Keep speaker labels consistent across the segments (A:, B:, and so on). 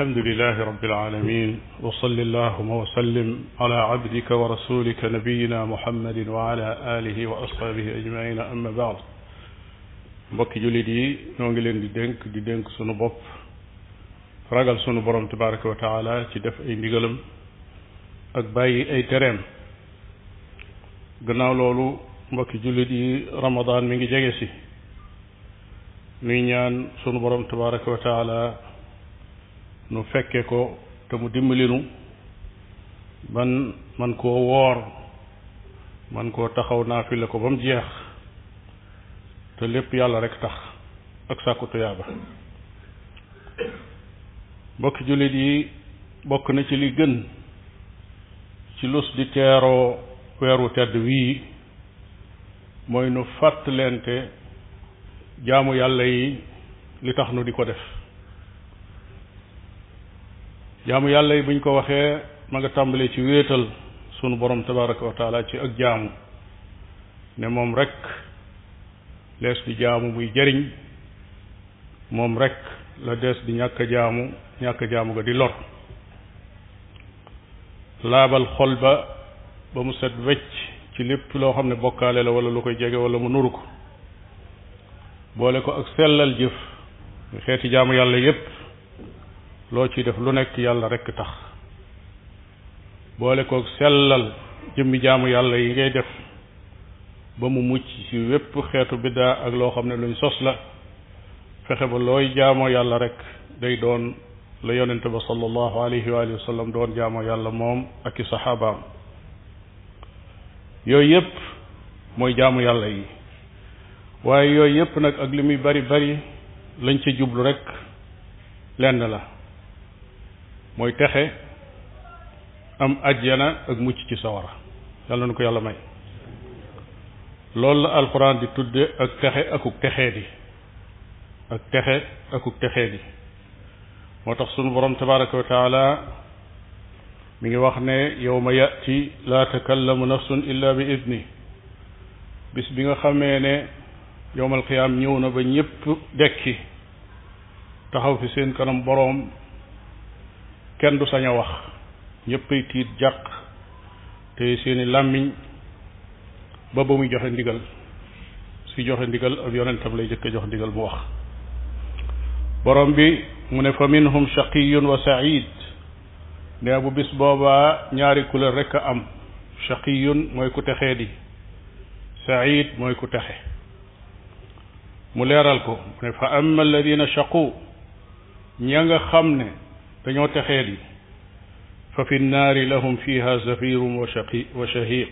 A: alhamdulilahi rabbil aalamiin wa salli allaahumma wa sallim alaa abdika wa rasuulika nabiyyinaa Muhammadin wa alaa aalihi wa asxaabihi ajmaiin amma baad mbokki jullit yi ñoo ngi leen di dénk di dénk sunu bopp ragal sunu borom tabaaraka wa taala ci def ay ndigalam ak bàyyi ay tereem gannaaw loolu mbokki jullit yi Ramadan mi ngi jege si nuy ñaan sunu borom tabaaraka wa taala nu fekke ko te mu dimbalinu ban man koo woor man koo taxaw naa naafile ko ba mu jeex te lépp yàlla rekk tax ak sàkku tuyaaba mbokki jullit yi bokk na ci li gën ci lus di teeroo weeru tedd wii mooy nu fàttalente jaamu yàlla yi li tax nu di ko def jaamu yàlla yi buñ ko waxee ma nga tàmbalee ci wéetal sunu borom tabaraka wa taala ci ak jaamu ne moom rek lees di jaamu muy jariñ moom rek la dees di ñàkk jaamu ñàkk jaamu ga di lor laabal xol ba ba mu set wecc ci lépp loo xam ne bokkaale la wala lu koy jege wala mu nuru ko boole ko ak sellal jëf xeeti jaamu yàlla yépp loo ci def lu nekk yàlla rekk tax boole kook sellal jëmmi jaamu yàlla yi ngay def ba mu mucc ci wépp xeetu biddaa ak loo xam ne luñ sos la fexe ba looy jaamoo yàlla rekk day doon la yonente ba sallallahu alayhi wa yàlla moom ak i yooyu yépp mooy jaamu yàlla yi waaye yooyu yépp nag ak li muy bari bari lañ ca jublu rekk lenn la mooy texe am ajjana ak mucc ci sawara yàlla na ko yàlla may loolu la alxuraan di tudde ak texe akuk texee di ak texe akuk texee di moo tax sunu borom tabaraka wa taala mi ngi wax ne yow yawma yati laa takallamu nafsun illa bi idni bis bi nga xamee ne yow mal qiyaam ñëw na ba ñépp dekki taxaw fi seen kanam boroom kenn du sañ a wax ñëppay tiit jàq te seeni làmmiñ ba ba muy joxe ndigal si joxe ndigal ab yonentam lay jëkk jox ndigal mu wax borom bi mu ne fa minhum shaqiyun wa said ne bu bis boobaa ñaari couleur rekk a am shaqiyun mooy ku texee di said mooy ku texe mu leeral ko mu ne fa amma alladina shaqu ña nga xam ne dañoo texee yi fa fi naari lahum fiha zafirun wa shaqi wa shahiq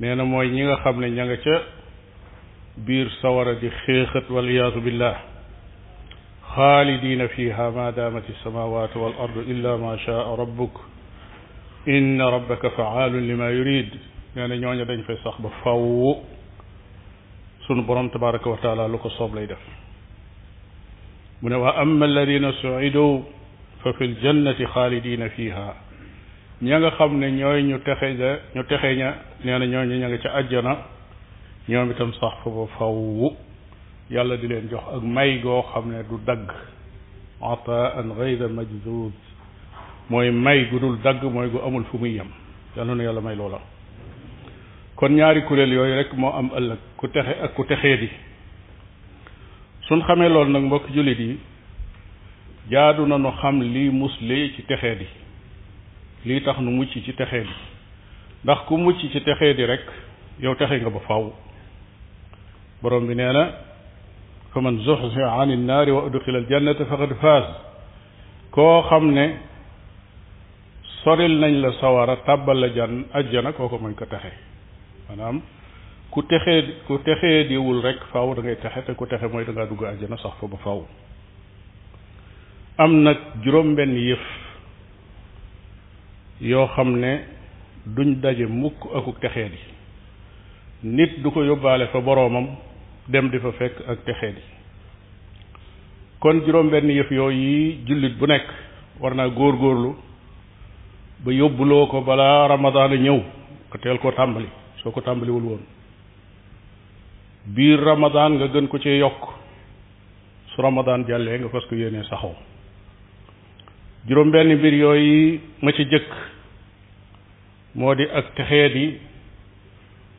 A: nee na mooy ñi nga xam ne ña nga ca biir sawara di xéexat waliyasu billah xaalidina fiha ma damat alsamawat wal ardu illa ma shaa rabbuk inna rabbaka faalun lima yurid nee na ñooñu dañ fay sax ba fàww sunu borom tabaraka wa taala lu ko soob lay def mu ne wa amma alladina suidu fa fil jannati xaalidina fiha ña nga xam ne ñooy ñu texe ja ñu texe ña nee na ñooñu ña nga ca àjjana ñoom itam sax fa faw yàlla di leen jox ak may goo xam ne du dagg ataan gayra mooy may gu dul dagg mooy gu amul fu muy yem yàlla na yàlla may loola kon ñaari kuréel yooyu rek moo am ëllëg ku texe ak ku texee di suñ xamee loolu nag mbokk jullit yi jaadu na nu xam mus musle ci texee di lii tax nu mucc ci texe di ndax ku mucc ci texee di rek yow texe nga ba faw borom bi nee na fa man zuxzixa an innaari wa udxila aljannata faqad faas koo xam ne soril nañ la sawara tàbbal la jan ajjana kooku mooy ko texe maanaam ku texee ku texee diwul rek faw da ngay texe te ku texe mooy da dugg ajjana sax fa ba faw am nag juróom-benn yëf yoo xam ne duñ daje mukk akuk texee di nit du ko yóbbaale fa boroomam dem di fa fekk ak texee di kon juróom-benn yëf yooyu yi jullit bu nekk war naa góorlu ba yóbbuloo ko balaa ramadaan a ñëw nga teel koo tàmbali soo ko tàmbaliwul woon biir ramadaan nga gën ko cee yokk su ramadaan jàllee nga fas ko yéenee saxoo juróom benn mbir yooyu ma ci jëkk moo di ak texeet yi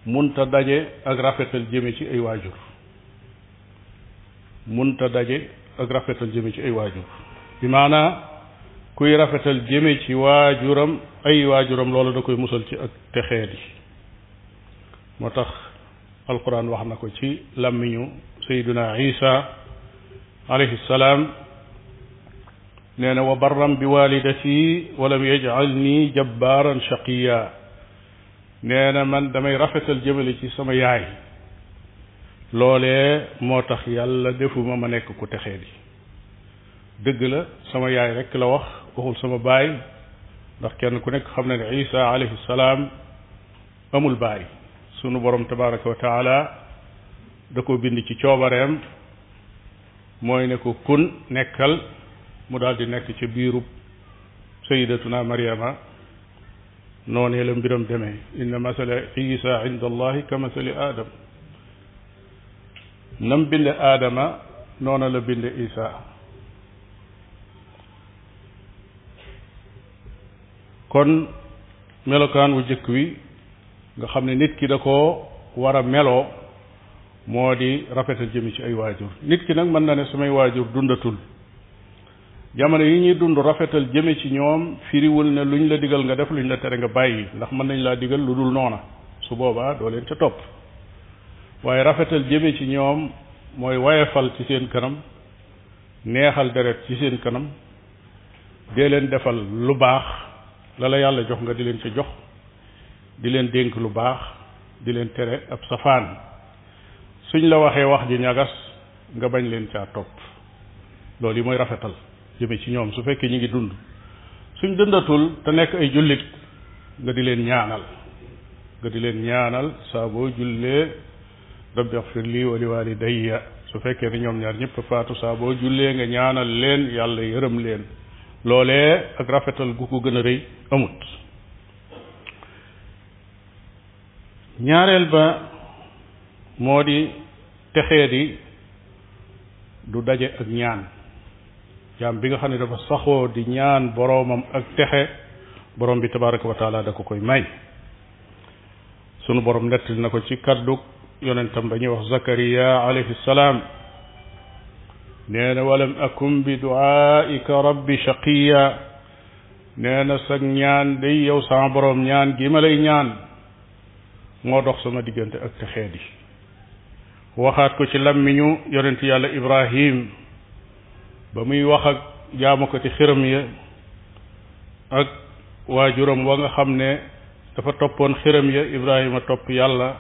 A: munta daje ak rafetal jëme ci ay waajur munta daje ak rafetal ci ay waajur bi maanaa kuy rafetal jëme ci waajuram ay waajuram loolu da koy musal ci ak texeet yi moo tax alquran wax na ko ci làmmiñu sayduna isa alayhi salaam nee na wa barran bi walidati walam yaj'alni jabbaaran shaqiya nee na man damay rafetal jëmale ci sama yaay loole moo tax yàlla defuma ma nekk ku texe di dëgg la sama yaay rekk la wax waxul sama baay ndax kenn ku nekk xam na ne isa alayhi salaam amul baay sunu borom tabaraka wa taala da ko bind ci coobareem mooy ne ko kun nekkal mu daal di nekk ci biirub sayidatuna mariama noonee la mbiram demee inna masala isa inda allahi ka masali aadam nam binde aadama noona la bind isa kon melokaan wu jëkk wi nga xam ne nit ki da ko war a melo moo di rafetal jëmi ci ay waajur nit ki nag mën na ne samay waajur dundatul jamono yi ñuy dund rafetal jëme ci ñoom firiwul ne luñ la digal nga def lu ñu la tere nga bàyyi ndax mën nañ laa digal lu dul noona su boobaa doo leen ca topp waaye rafetal jëme ci ñoom mooy wayefal ci seen kanam neexal deret ci seen kanam dee leen defal lu baax la la yàlla jox nga di leen ca jox di leen dénk lu baax di leen tere ab safaan suñ la waxee wax ji ñagas nga bañ leen caa topp loolu yi mooy rafetal jëme ci ñoom su fekkee ñu ngi dund suñ dëndatul te nekk ay jullit nga di leen ñaanal nga di leen ñaanal saa boo jullee rabbi axfir lii wa li walidayya su fekkee ne ñoom ñaar ñëpp faatu saa boo jullee nga ñaanal leen yàlla yërëm leen loolee ak rafetal gu ko gën a rëy amut ñaareel ba moo di texee di du daje ak ñaan jaam bi nga xam ne dafa saxoo di ñaan boroomam ak texe boroom bi tabaraka wa da ko koy may sunu borom nettali na ko ci kaddu yonentam ba ñuy wax zakariya alayhi salaam nee na walam bi duaika rabbi sag ñaan day yow sama boroom ñaan gi ma lay ñaan moo dox sama diggante ak texee di waxaat ko ci làmmiñu yonent yàlla ibrahim ba muy wax ak jaamukati xiram ya ak waajuram wa nga xam ne dafa toppoon xiram ya Ibrahima topp yàlla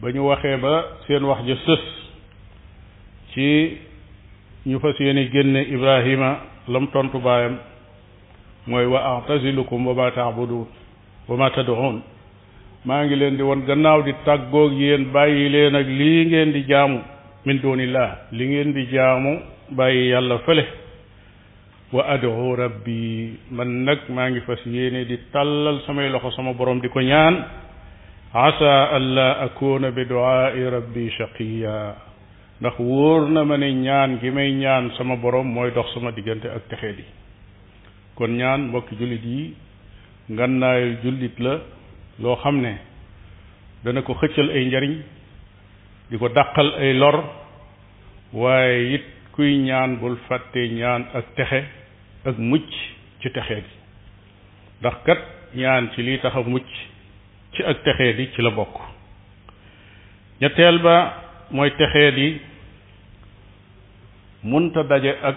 A: ba ñu waxee ba seen wax ja sës ci ñu fas yéene génne Ibrahima lam tontu baayam mooy wax a'tazilukum wa ma ta'budun wa ma tad'un maa ngi leen di won gannaaw di tàggoog yéen bàyyi leen ak lii ngeen di jaamu min dunillah li ngeen di jaamu bàyyi yàlla fële wa ad'u rabbi man nag maa ngi fas yéene di tàllal samay loxo sama boroom di ko ñaan asa alla akuna bi ndax wóor na ma ñaan gi may ñaan sama borom mooy dox sama diggante ak texee di kon ñaan mbokki jullit yi ngannaayu jullit la loo xam ne dana ko xëccal ay njariñ di ko dàqal ay lor waaye it kuy ñaan bul fàtte ñaan ak texe ak mucc ci texe gi ndax kat ñaan ci liy tax mucc ci ak texe di ci la bokk ñetteel ba mooy texe di munta daje ak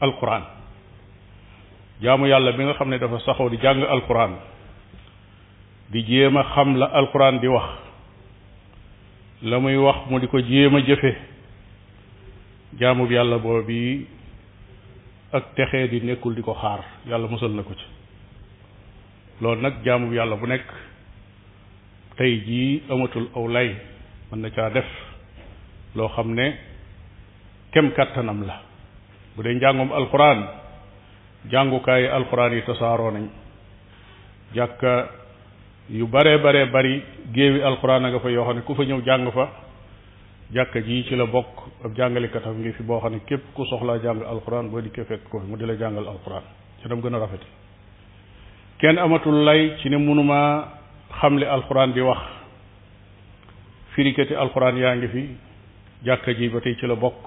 A: alquran jaamu yàlla bi nga xam ne dafa saxoo di jàng alquran di jéem a xam la alquran di wax la muy wax mu di ko jéem a jëfe jaamub yàlla boobu ak texee di nekkul di ko xaar yàlla musal na ko ci loolu nag jaamub yàlla bu nekk tey jii amatul aw lay mën na caa def loo xam ne kem kàttanam la bu dee njàngum alxuraan jàngukaayi alxuraan yi tasaaroo nañ jàkka yu bare bare bari géewi alxuraan a nga fa yoo xam ne ku fa ñëw jàng fa jàkka ji ci la bokk ab jàngalekatam ngi fi boo xam ne képp ku soxlaa jàng alxuraan boo dikkee fekk ko fi mu di la jàngal alxuraan ci gën a kenn amatul lay ci ne xam xamle alxuraan di wax firikati alxuraan yaa ngi fi jàkka ji ba tey ci la bokk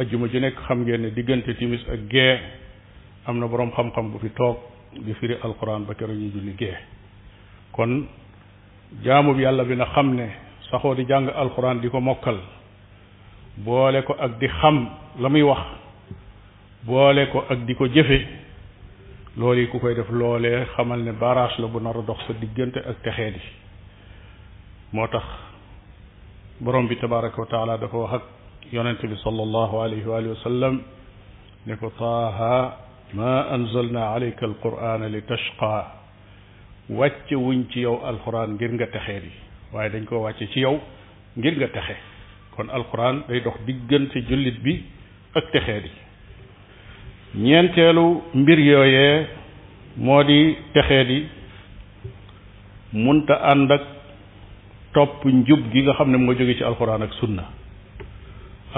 A: ajjuma ji nekk xam ngeen ne diggante timis ak gee am na boroom xam-xam bu fi toog di firi alxuraan ba keroog ñu julli gee kon jaamu yàlla bi na xam ne saxoo di jàng alxuraan di ko mokkal boole ko ak di xam la muy wax boole ko ak di ko jëfe loolu yi ku koy def loole xamal ne baraas la bu nar dox sa diggante ak texe di moo tax borom bi tabaraka wa taala dafa wax ak yonent bi sallallahu alayhi wa sallam ne ko taaha ma anzalna alayka alqurana li tashqa wàcce wuñ ci yow alxuraan ngir nga texee di waaye dañ koo wàcce ci yow ngir nga texe kon alquran day dox diggante jullit bi ak texee di ñeenteelu mbir yooye moo di texee di munta ànd ak topp njub gi nga xam ne moo jóge ci alquran ak sunna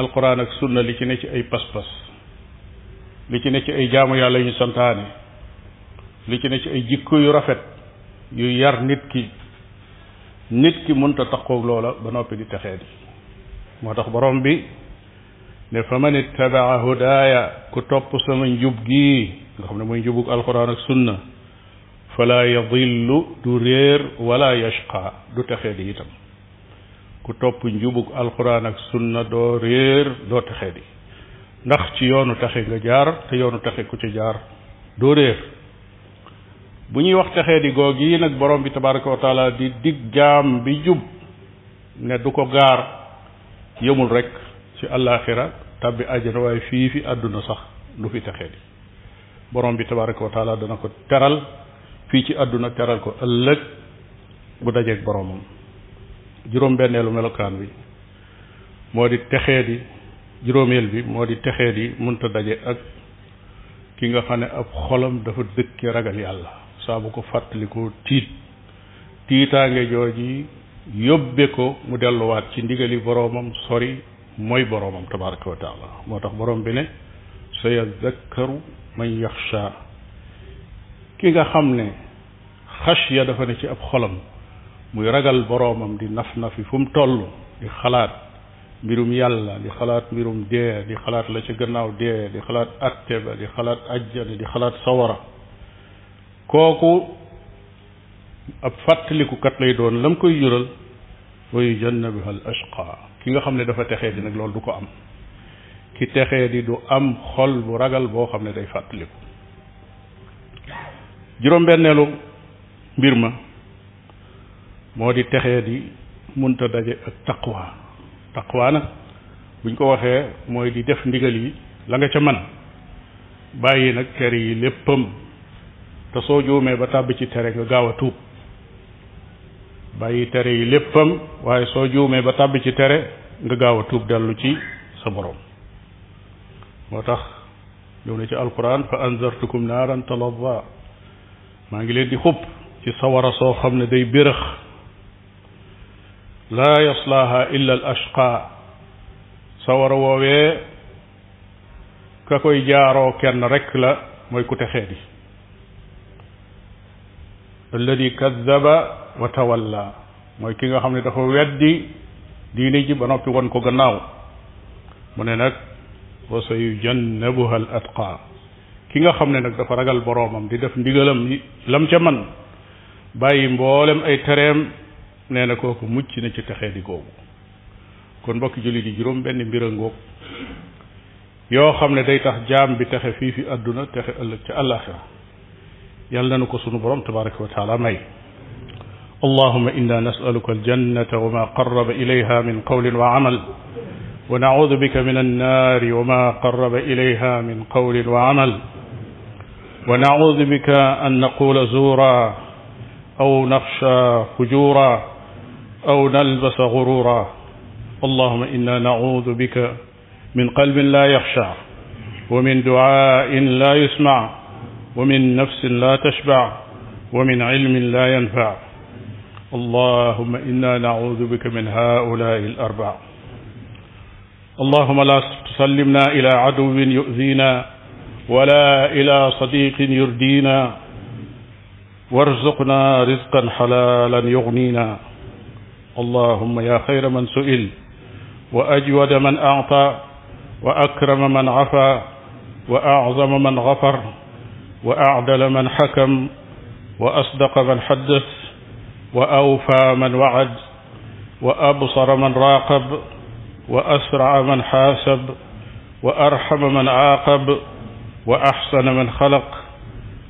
A: alquran ak sunna li ci ne ci ay pas-pas li ci ne ci ay jaamu yàlla ñu santaane li ci ne ci ay jikko yu rafet yu yar nit ki nit ki mënta taqoog loola ba noppi di texee moo tax borom bi ne fa man ittabaa hudaaya ku topp sama njub gii nga xam ne mooy njubug alquran ak sunna fala yadillu du réer wala yashqa du texee di itam ku topp njubug alquran ak sunna doo réer doo texee di ndax ci yoonu taxe nga jaar te yoonu taxe ku ci jaar doo réer bu ñuy wax texee di goog yi nag borom bi tabaraka wa taala di dig jaam bi jub ne du ko gaar yëmul rek ci àllaaxira tàbbi àjjana waaye fii fi àdduna sax du fi texee di borom bi tabaraka wa taala dana ko teral fii ci àdduna teral ko ëllëg bu dajeeg boromam juróom benneelu melokaan bi moo di texee di juróomeel bi moo di texee di munta daje ak ki nga xam ne ab xolam dafa dëkke ragal yàlla saa bu ko fàttalikoo tiit tiitaange yi yóbbe ko mu delluwaat ci ndigali boroomam sori mooy boroomam tabaraka wa moo tax boroom bi ne sa yadakkaru man yaxsha ki nga xam ne xashya dafa ne ci ab xolam muy ragal boroomam di naf-nafi fu mu toll di xalaat mbirum yàlla di xalaat mbirum dee di xalaat la ci gannaaw dee di xalaat atte ba di xalaat ajjana di xalaat sawara kooku ab fàttalikukat lay doon lam koy jural wa yujannabiha al ashqa ki nga xam ne dafa texee di nag loolu du ko am ki texe di du am xol bu ragal boo xam ne day fàttaliku juróom-benneelu mbir ma moo di texe di munta daje ak taqwa taqwa nag buñ ko waxee mooy di def ndigal yi la nga ca man bàyyi nag tere yi léppam te soo jumee ba tàbbi ci tere nga gaaw a tuub bàyyi tere yi léppam waaye soo juumee ba tàbbi ci tere nga gaaw a tuub dellu ci sa borom moo tax ñëw na ci alquran fa anzartukum naaran maa ngi leen di xub ci sawara soo xam ne day bérëx laa yaslaaha illa al sawara woowee ka koy jaaroo kenn rekk la mooy ku texee alladi kaddaba wa tawalla mooy ki nga xam ne dafa weddi diine ji ba noppi won ko gannaaw mu ne nag wa sa yujannabuha al atqa ki nga xam ne nag dafa ragal boroomam di def ndigalam lam ca man bàyyi mboolem ay tereem nee na kooku mucc na ci texee di googu kon mbokki julli di juróom benn mbir ngoog yoo xam ne day tax jaam bi texe fii fi àdduna texe ëllëg ca àllaaxira yal na nu ko sunu borom tabaraka wa taala may allahuma inna nasaluka aljannata wa ma qaraba ilayha min qawlin wa amal wa naudu bika min annaari wa ma qaraba ilayha min qawlin wa amal wa naudu bika an naqula zuura aw naxsha fujura aw nalbasa gurura allahuma inna naudu bika min qalbin la yaxsha wa min duaain la yusmaa ومن نفس لا تشبع ومن علم لا ينفع اللهم إنا نعوذ بك من هؤلاء الأربع اللهم لا تسلمنا إلى عدو يؤذينا ولا إلى صديق يردينا وارزقنا رزقا حلالا يغنينا اللهم يا خير من سئل وأجود من أعطى وأكرم من عفا وأعظم من غفر wa acdala man xakam wa asdaqa man xaddas wa awfaa man wacad wa absara man raaqab wa asraca man xaasab wa arxama man caaqab wa axsana man xalaq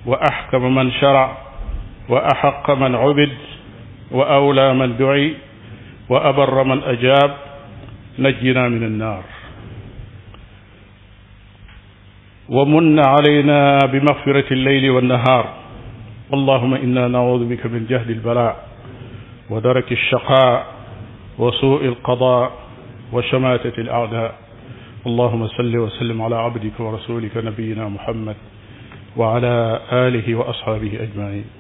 A: wa axkama man sharac wa axaqa man cubid wa awlaa man duci wa abarra man ajaab najjinaa min annaar ومن علينا بمغفرة الليل والنهار اللهم إنا نعوذ بك من جهد البلاء ودرك الشقاء وسوء القضاء وشماتة الأعداء اللهم صل وسلم على عبدك ورسولك نبينا محمد وعلى آله وأصحابه أجمعين